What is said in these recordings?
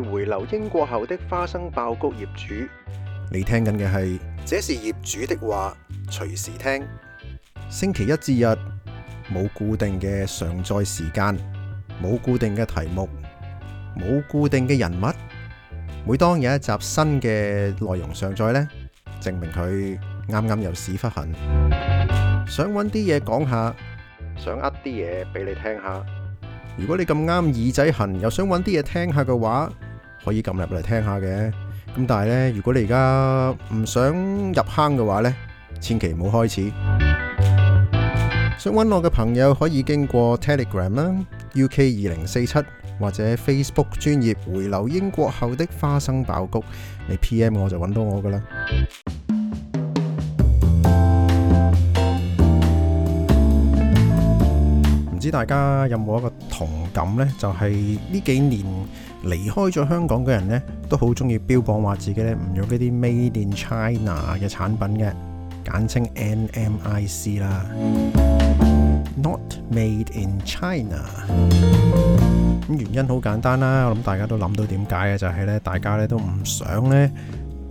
係回流英國後的花生爆谷業主，你聽緊嘅係，這是業主的話，隨時聽。星期一至日冇固定嘅上載時間，冇固定嘅題目，冇固定嘅人物。每當有一集新嘅內容上載呢，證明佢啱啱有屎忽痕，想揾啲嘢講下，想呃啲嘢俾你聽下。如果你咁啱耳仔痕，又想揾啲嘢聽下嘅話，可以撳入嚟聽下嘅。咁但係呢，如果你而家唔想入坑嘅話呢，千祈唔好開始。想揾我嘅朋友可以經過 Telegram 啦，UK 二零四七或者 Facebook 專頁回流英國後的花生爆谷，你 PM 我就揾到我噶啦。唔知大家有冇一個？同感呢，就係呢幾年離開咗香港嘅人呢，都好中意標榜話自己唔用嗰啲 Made in China 嘅產品嘅，簡稱 NMIC 啦，Not Made in China。原因好簡單啦，我諗大家都諗到點解嘅，就係呢，大家都唔想呢。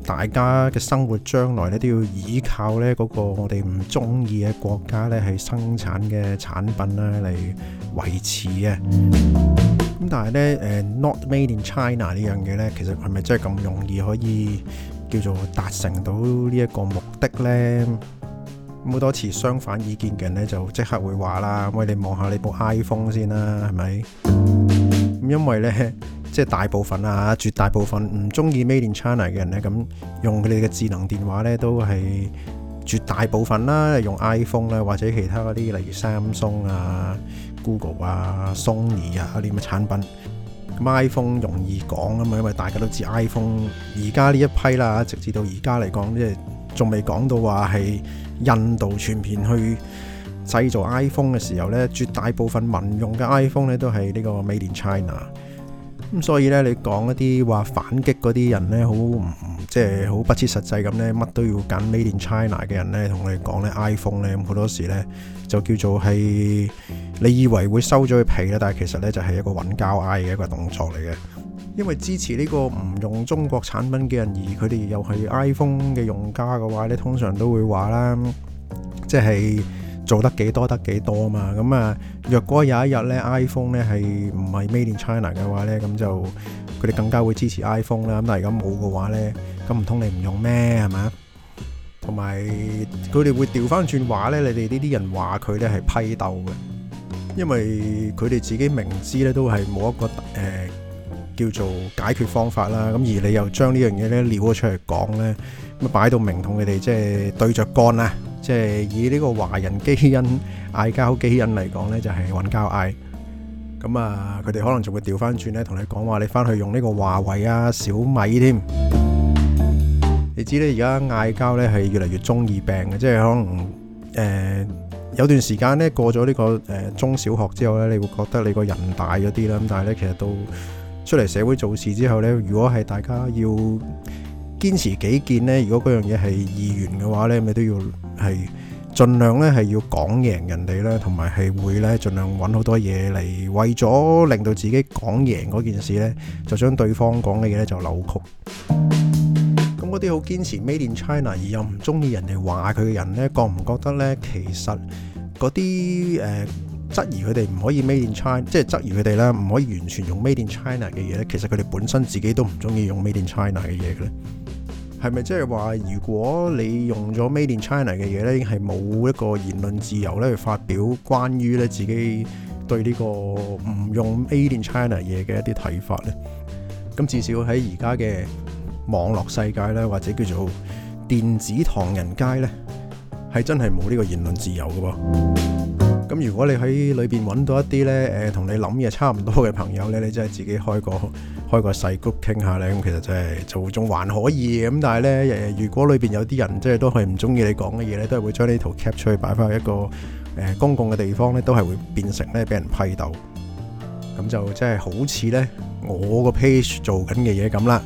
大家嘅生活將來咧都要依靠咧嗰個我哋唔中意嘅國家咧係生產嘅產品啊嚟維持嘅。咁但係咧誒，Not Made In China 呢樣嘢咧，其實係咪真係咁容易可以叫做達成到呢一個目的咧？咁好多持相反意見嘅人咧就即刻會話啦，喂你望下你部 iPhone 先啦，係咪？因為咧。即係大部分啊，嚇絕大部分唔中意 Made in China 嘅人咧，咁用佢哋嘅智能電話咧，都係絕大部分啦。用 iPhone 啦，或者其他嗰啲，例如 Samsung 啊、Google 啊、Sony 啊嗰啲嘅產品。iPhone 容易講啊嘛，因為大家都知 iPhone 而家呢一批啦，直至到而家嚟講，即係仲未講到話係印度全面去製造 iPhone 嘅時候咧，絕大部分民用嘅 iPhone 咧都係呢個 Made in China。咁所以咧，你講一啲話反擊嗰啲人咧，好唔即係好不切實際咁咧，乜都要揀 Made in China 嘅人咧，同你講咧 iPhone 咧，咁好多時咧就叫做係你以為會收咗佢皮啦，但係其實咧就係、是、一個搵交嗌嘅一個動作嚟嘅。因為支持呢個唔用中國產品嘅人，而佢哋又係 iPhone 嘅用家嘅話咧，通常都會話啦，即係。做得幾多得幾多啊嘛咁啊！若果有一日咧，iPhone 咧係唔係 Made in China 嘅話咧，咁就佢哋更加會支持 iPhone 啦。咁但係如果冇嘅話咧，咁唔通你唔用咩？係咪啊？同埋佢哋會調翻轉話咧，你哋呢啲人話佢咧係批鬥嘅，因為佢哋自己明知咧都係冇一個誒叫做解決方法啦。咁而你又將呢樣嘢咧撩咗出嚟講咧，咁擺到明同佢哋即係對著幹啦。即係以呢個華人基因嗌交基因嚟講咧，就係揾交嗌。咁啊，佢哋可能仲會調翻轉咧，同你講話，你翻去用呢個華為啊、小米添。你知咧，而家嗌交咧係越嚟越中意病嘅，即係可能誒有段時間咧過咗呢個誒中小學之後咧，你會覺得你個人大咗啲啦。咁但係咧，其實到出嚟社會做事之後咧，如果係大家要，堅持己見呢？如果嗰樣嘢係議員嘅話呢，你都要係盡量呢，係要講贏人哋呢，同埋係會呢，盡量揾好多嘢嚟為咗令到自己講贏嗰件事呢，就將對方講嘅嘢呢，就扭曲。咁嗰啲好堅持 Made in China，而又唔中意人哋話佢嘅人呢，覺唔覺得呢？其實嗰啲誒質疑佢哋唔可以 Made in China，即係質疑佢哋呢，唔可以完全用 Made in China 嘅嘢呢，其實佢哋本身自己都唔中意用 Made in China 嘅嘢嘅呢。係咪即係話，如果你用咗 Made in China 嘅嘢咧，已經係冇一個言論自由咧，去發表關於咧自己對呢個唔用 Made in China 嘢嘅一啲睇法咧？咁至少喺而家嘅網絡世界咧，或者叫做電子唐人街咧，係真係冇呢個言論自由嘅喎。咁如果你喺裏邊揾到一啲咧，誒同你諗嘢差唔多嘅朋友咧，你真係自己開個開個細 group 傾下咧，咁其實真係做仲還可以嘅。咁但係咧，誒如果裏邊有啲人即係都係唔鍾意你講嘅嘢咧，都係會將呢啲圖 cap 出去擺翻一個誒公共嘅地方咧，都係會變成咧俾人批鬥。咁就真係好似咧我個 page 做緊嘅嘢咁啦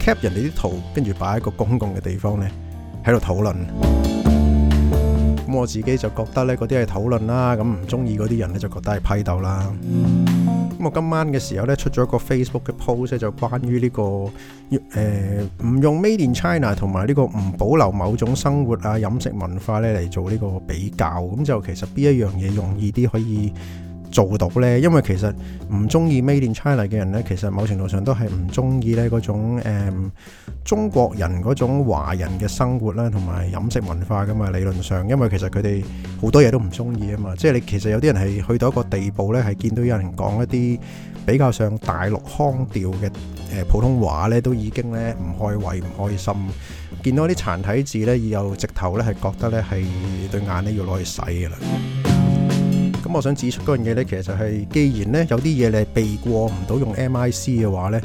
，cap 人哋啲圖，跟住擺喺個公共嘅地方咧，喺度討論。咁我自己就覺得呢啲係討論啦，咁唔中意嗰啲人咧就覺得係批鬥啦。咁我今晚嘅時候咧，出咗一個 Facebook 嘅 post 就關於呢個誒、呃、唔用 Made in China 同埋呢個唔保留某種生活啊飲食文化咧嚟做呢個比較。咁就其實邊一樣嘢容易啲可以做到呢，因為其實唔中意 Made in China 嘅人呢，其實某程度上都係唔中意呢嗰種、嗯、中國人嗰種華人嘅生活啦，同埋飲食文化噶嘛。理論上，因為其實佢哋好多嘢都唔中意啊嘛。即係你其實有啲人係去到一個地步呢，係見到有人講一啲比較上大陸腔調嘅誒、呃、普通話呢，都已經呢唔開胃、唔開心。見到啲殘體字呢，咧，又直頭呢，係覺得呢係對眼呢要攞去洗噶啦。咁我想指出嗰樣嘢咧，其實係既然咧，有啲嘢你避過唔到用 MIC 嘅話咧，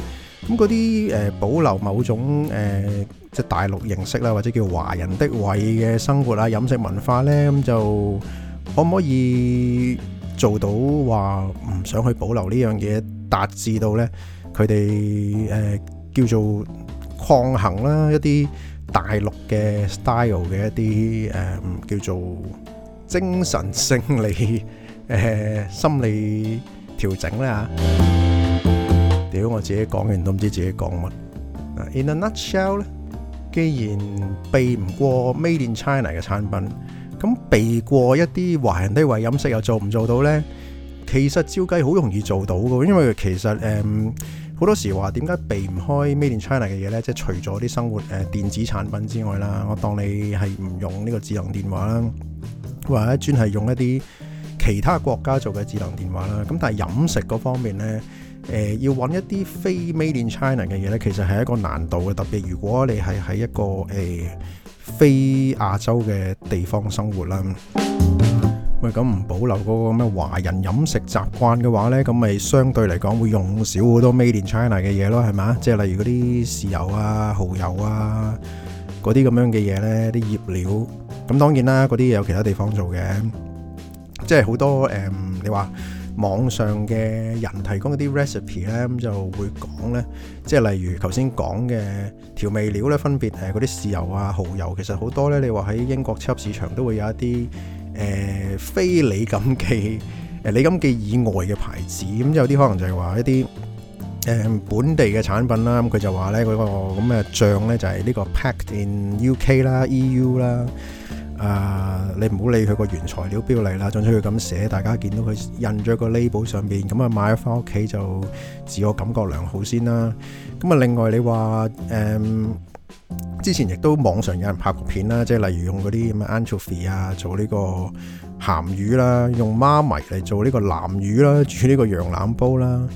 咁嗰啲誒保留某種誒即係大陸形式啦，或者叫華人的位嘅生活啊、飲食文化咧，咁就可唔可以做到話唔想去保留呢樣嘢，達至到咧佢哋誒叫做抗衡啦，一啲大陸嘅 style 嘅一啲誒叫做精神勝利？誒、呃、心理調整啦嚇，屌我自己講完都唔知自己講乜。In a nutshell 咧，既然避唔過 Made in China 嘅產品，咁避過一啲華人低位飲食又做唔做到咧，其實照計好容易做到嘅，因為其實誒、嗯、好多時話點解避唔開 Made in China 嘅嘢咧，即係除咗啲生活誒、呃、電子產品之外啦，我當你係唔用呢個智能電話啦，或者專係用一啲其他國家做嘅智能電話啦，咁但係飲食嗰方面咧，誒，要揾一啲非 Made in China 嘅嘢咧，其實係一個難度嘅。特別如果你係喺一個誒，非亞洲嘅地方生活啦，喂，咁唔保留嗰個咩華人飲食習慣嘅話咧，咁咪相對嚟講會用少好多 Made in China 嘅嘢咯，係咪？即係例如嗰啲豉油啊、蠔油啊嗰啲咁樣嘅嘢咧，啲醃料。咁當然啦，嗰啲有其他地方做嘅。即係好多誒，你話網上嘅人提供嗰啲 recipe 咧，咁就會講咧，即係例如頭先講嘅調味料咧，分別係嗰啲豉油啊、蠔油。其實好多咧，你話喺英國超級市場都會有一啲誒非李錦記，誒李錦記以外嘅牌子，咁有啲可能就係話一啲誒本地嘅產品啦，咁佢就話咧，嗰個咁嘅醬咧就係呢個 packed in UK 啦、EU 啦。啊、呃，你唔好理佢個原材料標籤啦，總之佢咁寫，大家見到佢印咗個 label 上邊，咁啊買咗翻屋企就自我感覺良好先啦。咁啊，另外你話誒、嗯，之前亦都網上有人拍過片啦，即係例如用嗰啲咁嘅 anchovy 啊，做呢個鹹魚啦，用媽咪嚟做呢個南魚啦，煮呢個羊腩煲啦，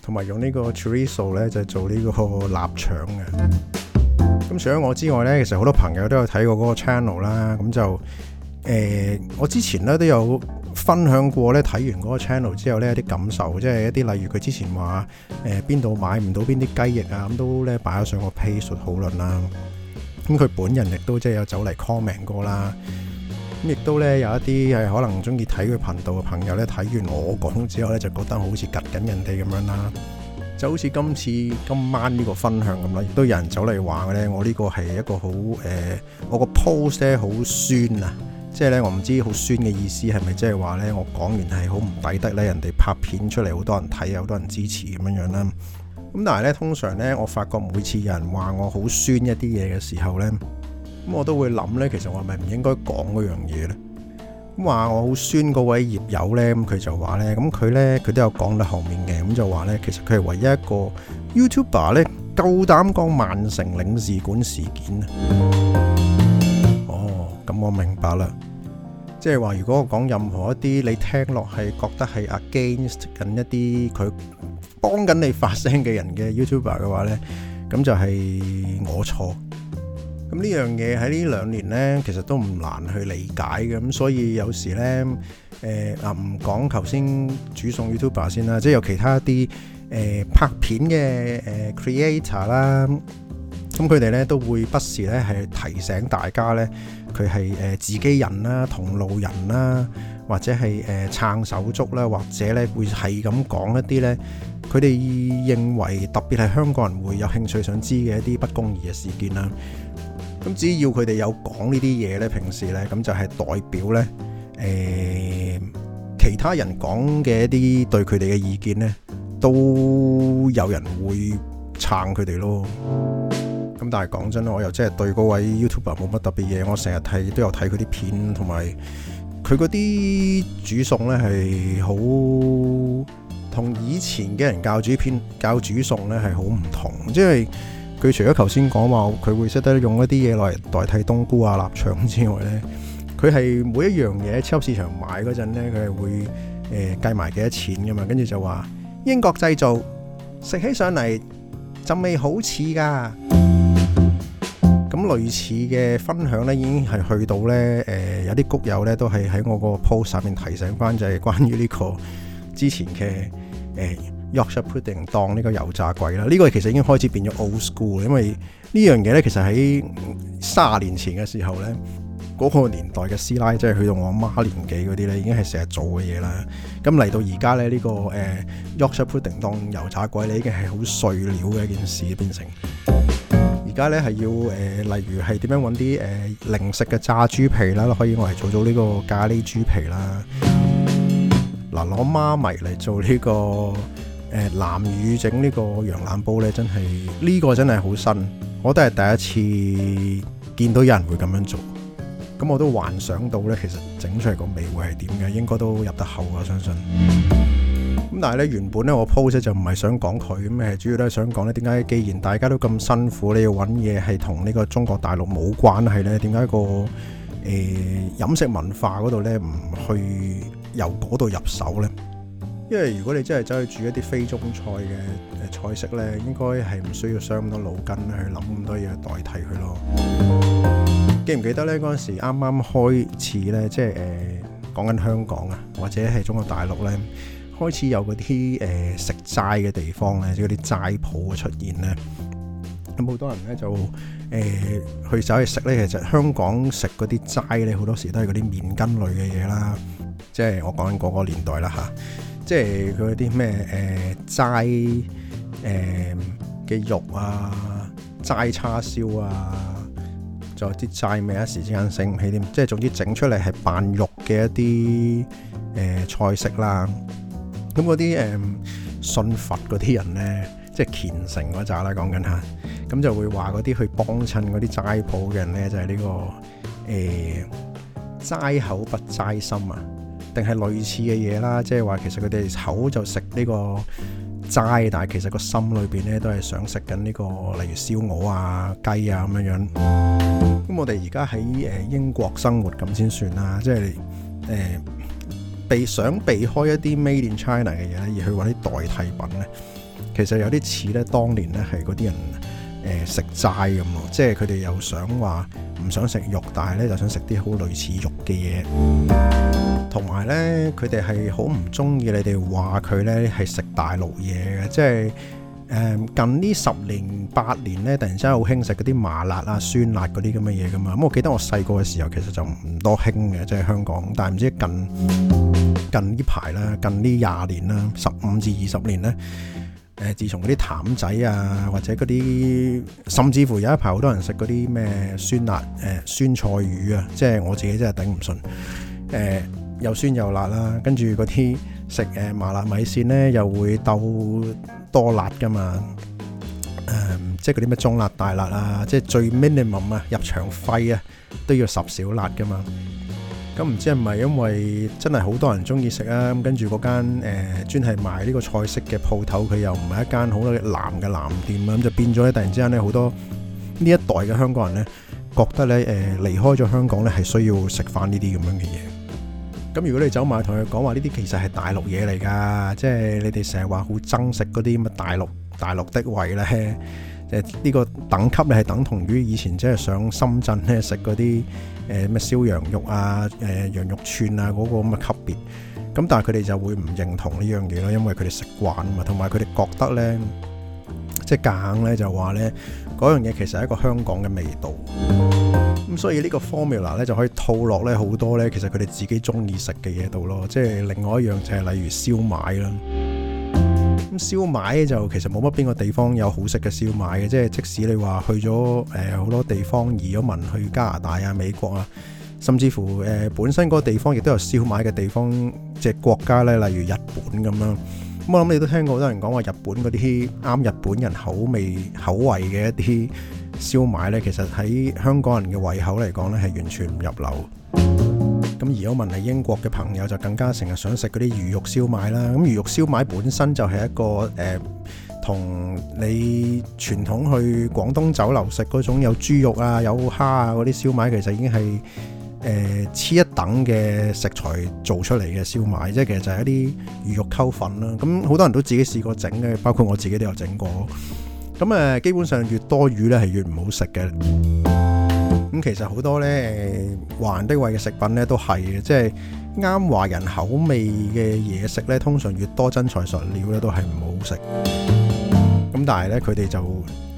同埋用呢個呢、就係、呢個 chorizo 咧就做呢個臘腸嘅。除咗我之外呢，其實好多朋友都有睇過嗰個 channel 啦。咁就誒、呃，我之前呢都有分享過呢睇完嗰個 channel 之後呢一啲感受，即係一啲例如佢之前話誒邊度買唔到邊啲雞翼啊，咁都呢擺咗上個 Page 討論啦。咁佢本人亦都即係有走嚟 comment 過啦。咁亦都呢有一啲係可能中意睇佢頻道嘅朋友呢，睇完我講之後呢，就覺得好似及緊人哋咁樣啦。就好似今次今晚呢個分享咁啦，亦都有人走嚟話呢我呢個係一個好誒、呃，我個 post 咧好酸啊，即係呢我唔知好酸嘅意思係咪即係話呢，我講完係好唔抵得呢，人哋拍片出嚟好多人睇，好多人支持咁樣樣啦。咁但係呢，通常呢，我發覺每次有人話我好酸一啲嘢嘅時候呢，咁我都會諗呢，其實我係咪唔應該講嗰樣嘢呢？咁話我好酸嗰位業友呢，咁佢就話呢，咁佢呢佢都有講到後面嘅，咁就話呢，其實佢係唯一一個 YouTuber 呢夠膽講曼城領事館事件啊！哦，咁我明白啦，即係話如果我講任何一啲你聽落係覺得係 against 緊一啲佢幫緊你發聲嘅人嘅 YouTuber 嘅話呢，咁就係我錯。咁呢樣嘢喺呢兩年呢，其實都唔難去理解嘅。咁所以有時呢，誒啊唔講頭先煮餸 YouTuber 先啦，即係有其他一啲誒拍片嘅誒 Creator 啦，咁佢哋呢都會不時呢係提醒大家呢，佢係誒自己人啦、同路人啦，或者係誒撐手足啦，或者呢會係咁講一啲呢，佢哋認為特別係香港人會有興趣想知嘅一啲不公義嘅事件啦。咁只要佢哋有講呢啲嘢呢，平時呢咁就係代表呢、欸、其他人講嘅一啲對佢哋嘅意見呢都有人會撐佢哋咯。咁但係講真咯，我又真係對嗰位 YouTuber 冇乜特別嘢，我成日睇都有睇佢啲片，同埋佢嗰啲煮餸呢係好同以前嘅人教煮片教煮餸呢係好唔同，即係。佢除咗頭先講話佢會識得用一啲嘢來代替冬菇啊、臘腸之外呢，佢係每一樣嘢喺超市場買嗰陣咧，佢係會誒、呃、計埋幾多錢噶嘛，跟住就話英國製造食起上嚟就味好似噶咁。咁類似嘅分享呢已經係去到、呃、些呢誒有啲谷友呢都係喺我個 post 上面提醒返，就係、是、關於呢個之前嘅誒。呃 Yorkshire pudding 當呢個油炸鬼啦，呢、這個其實已經開始變咗 old school，因為呢樣嘢咧，其實喺三十年前嘅時候咧，嗰、那個年代嘅師奶即係去到我媽年紀嗰啲咧，已經係成日做嘅嘢啦。咁嚟到而家咧，呢、呃、個 Yorkshire pudding 當油炸鬼，你已經係好碎料嘅一件事變成事。而家咧係要、呃、例如係點樣揾啲誒零食嘅炸豬皮啦，可以我做咗呢個咖喱豬皮啦。嗱，攞媽咪嚟做呢、這個。誒、呃、南乳整呢個羊腩煲咧，真係呢、呢個真係好新，我都係第一次見到有人會咁樣做。咁我都幻想到呢其實整出嚟個味會係點嘅，應該都入得口啊！我相信。咁但係呢，原本呢，我 post 就唔係想講佢，咁誒主要都係想講呢點解既然大家都咁辛苦，你要揾嘢係同呢個中國大陸冇關係呢，點解、嗰個誒飲、呃、食文化嗰度呢唔去由嗰度入手呢？因為如果你真係走去煮一啲非中菜嘅誒菜式呢，應該係唔需要傷咁多腦筋去諗咁多嘢代替佢咯。記唔記得呢？嗰陣時啱啱開始呢，即係誒、呃、講緊香港啊，或者係中國大陸呢，開始有嗰啲誒食齋嘅地方呢，嗰啲齋鋪嘅出現呢。咁好多人呢就，就、呃、誒去走去食呢。其實香港食嗰啲齋呢，好多時都係嗰啲麵筋類嘅嘢啦。即係我講緊嗰個年代啦，嚇。即係佢啲咩誒齋誒嘅、呃、肉啊，齋叉燒啊，仲有啲齋味一時之間醒唔起添，即係總之整出嚟係扮肉嘅一啲誒、呃、菜式啦。咁嗰啲誒信佛嗰啲人咧，即係虔誠嗰扎啦，講緊嚇，咁就會話嗰啲去幫襯嗰啲齋鋪嘅人咧，就係、是、呢、呢個誒、呃、齋口不齋心啊。定係類似嘅嘢啦，即係話其實佢哋口就食呢個齋，但係其實個心裏邊咧都係想食緊呢個，例如燒鵝啊、雞啊咁樣樣。咁我哋而家喺誒英國生活咁先算啦，即係誒避想避開一啲 Made in China 嘅嘢，而去搵啲代替品咧，其實有啲似咧當年咧係嗰啲人。誒食齋咁，即係佢哋又想話唔想食肉，但係咧就想食啲好類似肉嘅嘢。同埋咧，佢哋係好唔中意你哋話佢咧係食大陸嘢嘅，即係誒、嗯、近呢十年八年咧，突然間好興食嗰啲麻辣啊、酸辣嗰啲咁嘅嘢噶嘛。咁我記得我細個嘅時候其實就唔多興嘅，即係香港，但係唔知近近呢排啦，近，近呢廿年啦，十五至二十年咧。自從嗰啲淡仔啊，或者嗰啲，甚至乎有一排好多人食嗰啲咩酸辣、呃、酸菜魚啊，即係我自己真係頂唔順、呃。又酸又辣啦、啊，跟住嗰啲食麻辣米線咧，又會鬥多辣噶嘛。嗯、即係嗰啲咩中辣大辣啊，即係最 minimum 啊，入場費啊都要十小辣噶嘛。咁唔知係咪因為真係好多人中意食啊？跟住嗰間誒、呃、專係賣呢個菜式嘅鋪頭，佢又唔係一間好藍嘅藍店啊，咁就變咗咧。突然之間咧，好多呢一代嘅香港人呢，覺得咧誒離開咗香港呢，係需要食翻呢啲咁樣嘅嘢。咁如果你走埋同佢講話，呢啲其實係大陸嘢嚟㗎，即係你哋成日話好憎食嗰啲乜大陸大陸的味咧。呢個等級咧係等同於以前即係上深圳咧食嗰啲誒咩燒羊肉啊、誒、呃、羊肉串啊嗰個咁嘅級別，咁但係佢哋就會唔認同呢樣嘢咯，因為佢哋食慣啊，同埋佢哋覺得呢，即係夾硬咧就話呢嗰樣嘢其實係一個香港嘅味道，咁所以呢個 formula 咧就可以套落呢好多呢，其實佢哋自己中意食嘅嘢度咯，即係另外一樣就係例如燒賣啦。咁燒賣就其實冇乜邊個地方有好食嘅燒賣嘅，即係即使你話去咗誒好多地方移咗民去加拿大啊、美國啊，甚至乎誒本身嗰個地方亦都有燒賣嘅地方，只國家呢，例如日本咁啦。咁我諗你都聽過好多人講話日本嗰啲啱日本人口味口味嘅一啲燒賣呢，其實喺香港人嘅胃口嚟講呢，係完全唔入流。咁而我問你英國嘅朋友就更加成日想食嗰啲魚肉燒賣啦，咁魚肉燒賣本身就係一個誒，同、呃、你傳統去廣東酒樓食嗰種有豬肉啊、有蝦啊嗰啲燒賣，其實已經係誒黐一等嘅食材做出嚟嘅燒賣，即係其實就係一啲魚肉溝粉啦。咁好多人都自己試過整嘅，包括我自己都有整過。咁誒，基本上越多魚呢，係越唔好食嘅。咁其實好多咧華人的胃嘅食品咧都係嘅，即係啱華人口味嘅嘢食咧，通常越多真材實料咧都係唔好食。咁但係咧，佢哋就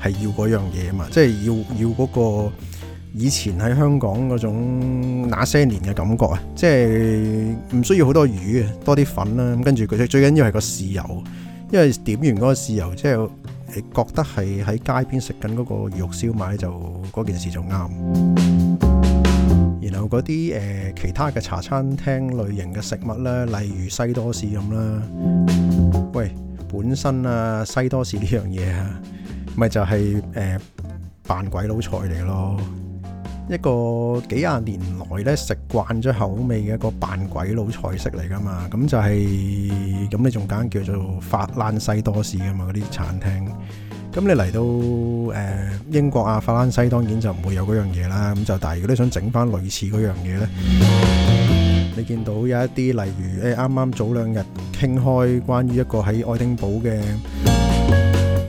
係要嗰樣嘢啊嘛，即係要要嗰個以前喺香港嗰種那些年嘅感覺啊！即係唔需要好多魚啊，多啲粉啦，跟住佢最最緊要係個豉油，因為點完嗰個豉油即係。你覺得係喺街邊食緊嗰個魚肉燒賣就嗰件事就啱。然後嗰啲誒其他嘅茶餐廳類型嘅食物啦，例如西多士咁啦，喂，本身啊西多士呢樣嘢啊，咪就係誒扮鬼佬菜嚟咯。一個幾廿年來咧食慣咗口味嘅一個扮鬼佬菜式嚟㗎嘛，咁就係、是、咁你仲揀叫做法蘭西多士㗎嘛嗰啲餐廳，咁你嚟到誒、呃、英國啊、法蘭西當然就唔會有嗰樣嘢啦，咁就但係如果你想整翻類似嗰樣嘢咧，你見到有一啲例如誒啱啱早兩日傾開關於一個喺愛丁堡嘅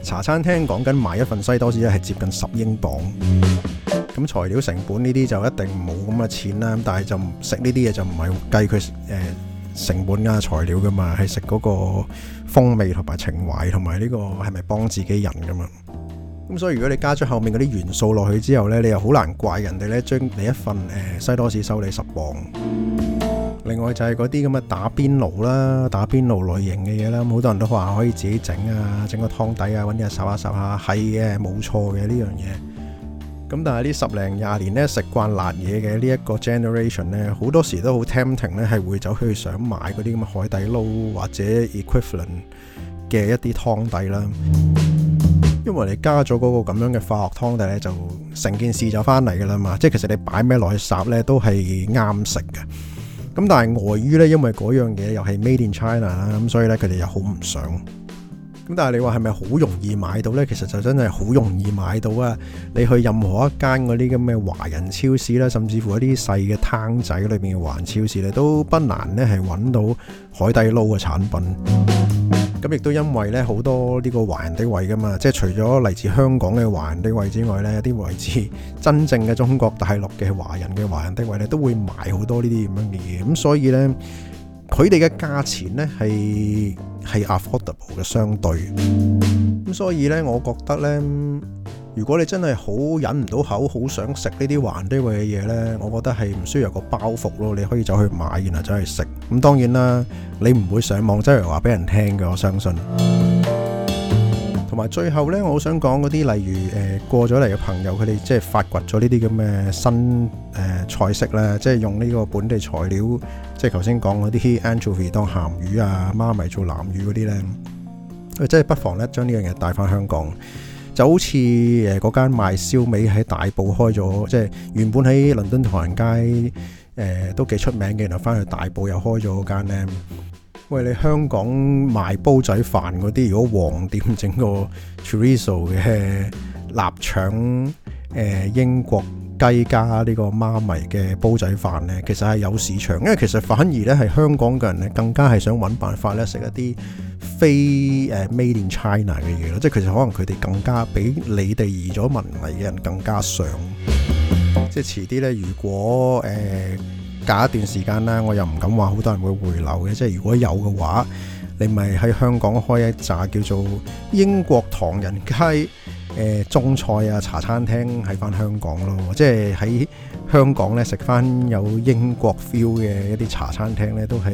茶餐廳講緊買一份西多士咧係接近十英鎊。咁材料成本呢啲就一定冇咁嘅錢啦。但係就食呢啲嘢就唔係計佢誒、呃、成本啊材料噶嘛，係食嗰個風味同埋情懷同埋呢個係咪幫自己人噶嘛？咁所以如果你加咗後面嗰啲元素落去之後呢，你又好難怪人哋呢將你一份誒、呃、西多士收你十磅。另外就係嗰啲咁嘅打邊爐啦、打邊爐類型嘅嘢啦，好多人都話可以自己整啊，整個湯底啊，揾啲嘢烚下烚下，係嘅冇錯嘅呢樣嘢。咁但係呢十零廿年呢，食慣辣嘢嘅呢一個 generation 呢，好多時都好 tempting 呢，係會走去想買嗰啲咁嘅海底撈或者 equivalent 嘅一啲湯底啦。因為你加咗嗰個咁樣嘅化學湯底呢，就成件事就翻嚟㗎啦嘛。即係其實你擺咩落去霎呢，都係啱食嘅。咁但係礙於呢，因為嗰樣嘢又係 made in China 啦，咁所以呢，佢哋又好唔想。咁但係你話係咪好容易買到呢？其實就真係好容易買到啊！你去任何一間嗰啲咁嘅華人超市啦，甚至乎一啲細嘅攤仔裏面嘅華人超市咧，都不難呢係揾到海底撈嘅產品。咁亦都因為呢好多呢個華人的位噶嘛，即係除咗嚟自香港嘅華人的位之外呢，有啲位置真正嘅中國大陸嘅華人嘅華人的位咧，都會買好多呢啲咁樣嘅嘢。咁所以呢，佢哋嘅價錢呢係。係 affordable 嘅相對，咁所以呢，我覺得呢，如果你真係好忍唔到口，好想食呢啲還啲位嘅嘢呢，我覺得係唔需要有一個包袱咯，你可以走去買，然後走去食。咁、嗯、當然啦，你唔會上網周圍話俾人聽嘅，我相信。同埋最後咧，我想講嗰啲例如誒、呃、過咗嚟嘅朋友，佢哋即係發掘咗呢啲咁嘅新誒、呃、菜式啦，即係用呢個本地材料，即係頭先講嗰啲 anchovy 當鹹魚啊，媽咪做腩魚嗰啲咧，即係不妨咧將呢樣嘢帶翻香港，就好似誒嗰間賣燒味喺大埔開咗，即係原本喺倫敦唐人街誒、呃、都幾出名嘅，然後翻去大埔又開咗嗰間咧。喂，你香港賣煲仔飯嗰啲，如果黃店整個 Chorizo 嘅臘、呃、腸誒、呃、英國雞加呢個媽咪嘅煲仔飯咧，其實係有市場，因為其實反而咧係香港嘅人咧更加係想揾辦法咧食一啲非誒 Made in China 嘅嘢咯。即係其實可能佢哋更加比你哋移咗民嚟嘅人更加想。即係遲啲咧，如果誒。呃隔一段時間啦，我又唔敢話好多人會回流嘅，即係如果有嘅話，你咪喺香港開一紮叫做英國唐人街誒、呃、中菜啊茶餐廳喺返香港咯，即係喺香港呢食返有英國 feel 嘅一啲茶餐廳呢，都係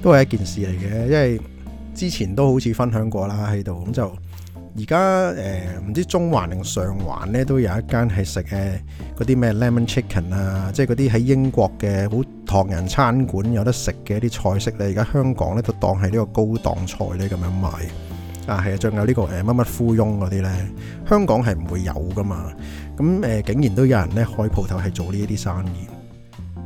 都係一件事嚟嘅，因為之前都好似分享過啦喺度咁就。而家誒唔知中環定上環咧，都有一間係食誒嗰啲咩 Lemon Chicken 啊，即係嗰啲喺英國嘅好唐人餐館有得食嘅一啲菜式咧。而家香港咧都當係呢個高檔菜咧咁樣賣。啊，係啊、這個，仲、呃、有呢個誒乜乜芙蓉嗰啲咧，香港係唔會有噶嘛。咁誒、呃、竟然都有人咧開鋪頭係做呢一啲生意。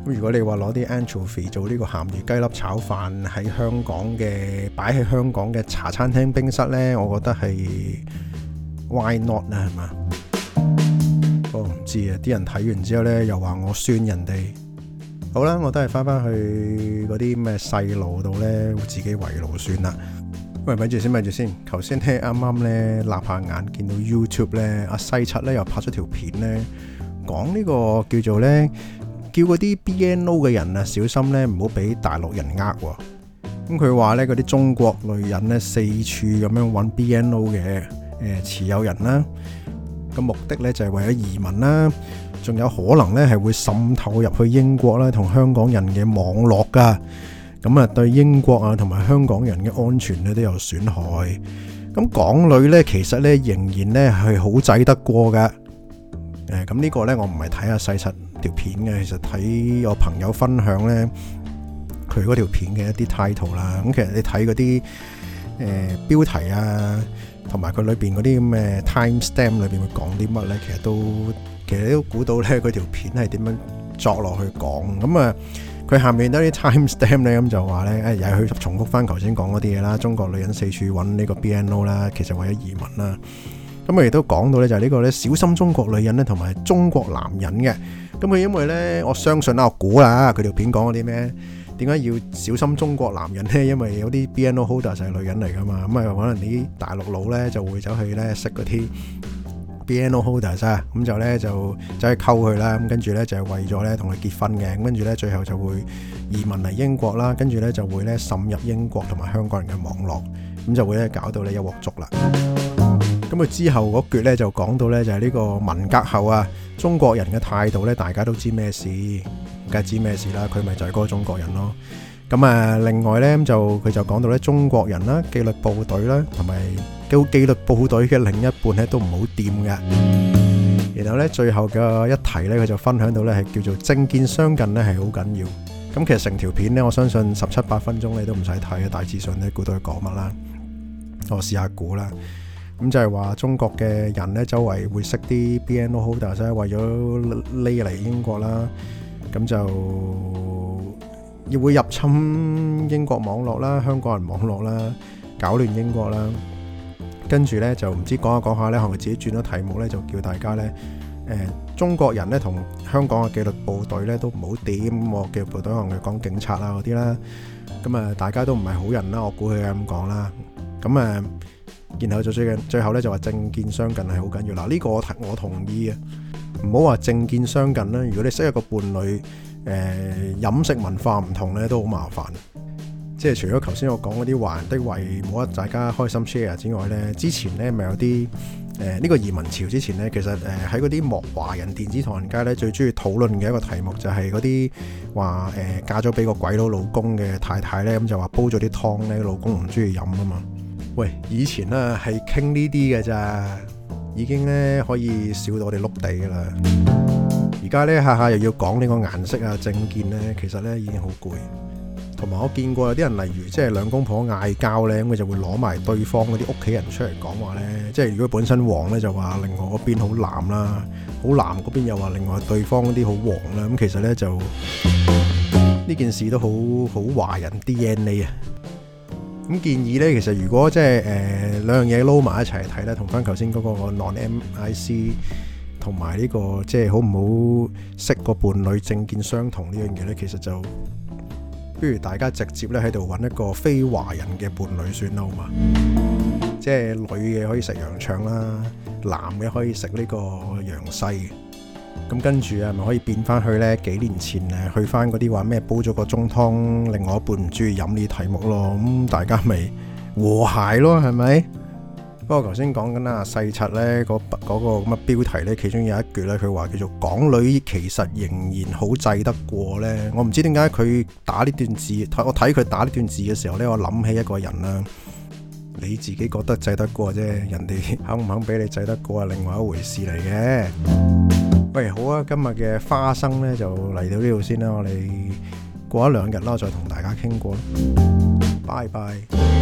如果你話攞啲 anchovy 做呢個鹹魚雞粒炒飯喺香港嘅擺喺香港嘅茶餐廳冰室呢，我覺得係 why not 啦，係、哦、嘛？我唔知啊，啲人睇完之後呢，又話我酸人哋。好啦，我都係翻返去嗰啲咩細路度咧，自己圍爐算啦。喂，咪住先，咪住先。頭先咧，啱啱呢，立下眼見到 YouTube 呢，阿、啊、西七呢又拍咗條片呢，講呢、呢個叫做呢。叫嗰啲 BNO 嘅人啊，小心咧，唔好俾大陸人呃。咁佢話咧，嗰啲中國女人咧，四處咁樣搵 BNO 嘅誒持有人啦，咁目的咧就係為咗移民啦，仲有可能咧係會滲透入去英國啦，同香港人嘅網絡噶咁啊，對英國啊同埋香港人嘅安全咧都有損害。咁港女咧，其實咧仍然咧係好仔得過嘅。誒，咁呢個咧，我唔係睇下細柒。條片嘅其實睇我朋友分享咧，佢嗰條片嘅一啲 title 啦。咁其實你睇嗰啲誒標題啊，同埋佢裏邊嗰啲咁嘅 time stamp 裏邊會講啲乜咧？其實都其實都估到咧，佢條片係點樣作落去講咁，嗯、啊。佢下面多啲 time stamp 咧，咁就話咧誒，又係去重複翻頭先講嗰啲嘢啦。中國女人四處搵呢個 BNO 啦，其實為咗移民啦。咁，嗯、啊，亦都講到咧，這個，就呢個咧小心中國女人咧，同埋中國男人嘅。咁佢，因為咧，我相信啦，我估啦，佢條片講嗰啲咩？點解要小心中國男人咧？因為有啲 BNO holders 係女人嚟㗎嘛，咁啊，可能啲大陸佬咧就會走去咧識嗰啲 BNO holders 啊，咁就咧就走去溝佢啦，咁跟住咧就係為咗咧同佢結婚嘅，咁跟住咧最後就會移民嚟英國啦，跟住咧就會咧滲入英國同埋香港人嘅網絡，咁就會咧搞到你一鑊粥啦。咁佢之後嗰句咧就講到咧就係呢個文革後啊，中國人嘅態度咧大家都知咩事，梗係知咩事啦，佢咪就係嗰個中國人咯。咁啊，另外咧咁就佢就講到咧中國人啦，紀律部隊啦，同埋紀紀律部隊嘅另一半咧都唔好掂嘅。然後咧最後嘅一題咧，佢就分享到咧係叫做政見相近咧係好緊要。咁其實成條片咧，我相信十七八分鐘你都唔使睇嘅，大致上你估到佢講乜啦。我試下估啦。咁就係話中國嘅人咧，周圍會識啲 BNO holder，即係為咗匿嚟英國啦，咁就會入侵英國網絡啦、香港人網絡啦，搞亂英國啦。跟住咧就唔知講下講下咧，可能自己轉咗題目咧，就叫大家咧，誒中國人咧同香港嘅紀律部隊咧都唔好掂。咁我紀律部隊可能係講警察啦嗰啲啦，咁啊大家都唔係好人啦，我估佢咁講啦，咁啊。然後就最近，最後咧就話政見相近係好緊要嗱呢、呢個我我同意嘅，唔好話政見相近啦。如果你識一個伴侶，誒、呃、飲食文化唔同咧都好麻煩。即係除咗頭先我講嗰啲華人的胃冇得大家開心 share 之外咧，之前咧咪有啲誒呢個移民潮之前咧，其實誒喺嗰啲莫華人電子唐人街咧最中意討論嘅一個題目就係嗰啲話誒嫁咗俾個鬼佬老公嘅太太咧，咁就話煲咗啲湯咧老公唔中意飲啊嘛。喂，以前咧係傾呢啲嘅咋，已經咧可以笑到我哋碌地噶啦。而家咧下下又要講呢個顏色啊，政見，咧其實咧已經好攰。同埋我見過有啲人，例如即係兩公婆嗌交咧，咁佢就會攞埋對方嗰啲屋企人出嚟講話咧。即係如果本身黃咧，就話另外嗰邊好藍啦，好藍嗰邊又話另外對方嗰啲好黃啦。咁其實咧就呢件事都好好華人 DNA 啊。咁建議呢，其實如果即係誒兩樣嘢撈埋一齊睇咧，同翻頭先嗰個 non-mic 同埋呢個即係好唔好識個伴侶政見相同呢樣嘢呢，其實就不如大家直接咧喺度揾一個非華人嘅伴侶算啦好嘛，？ 即係女嘅可以食羊腸啦，男嘅可以食呢個羊西。咁跟住啊，咪可以變翻去呢？幾年前咧，去翻嗰啲話咩煲咗個中湯，另外一半唔中意飲呢啲題目咯。咁大家咪和諧咯，係咪？不過頭先講緊啊細柒呢嗰嗰、嗰個咁嘅、嗰個、標題呢，其中有一句呢，佢話叫做港女其實仍然好制得過呢。我唔知點解佢打呢段字，我睇佢打呢段字嘅時候呢，我諗起一個人啦。你自己覺得制得過啫，人哋肯唔肯俾你制得過啊？係另外一回事嚟嘅。喂，好啊，今日嘅花生呢就嚟到呢度先啦，我哋過一兩日啦，再同大家傾過啦，拜拜。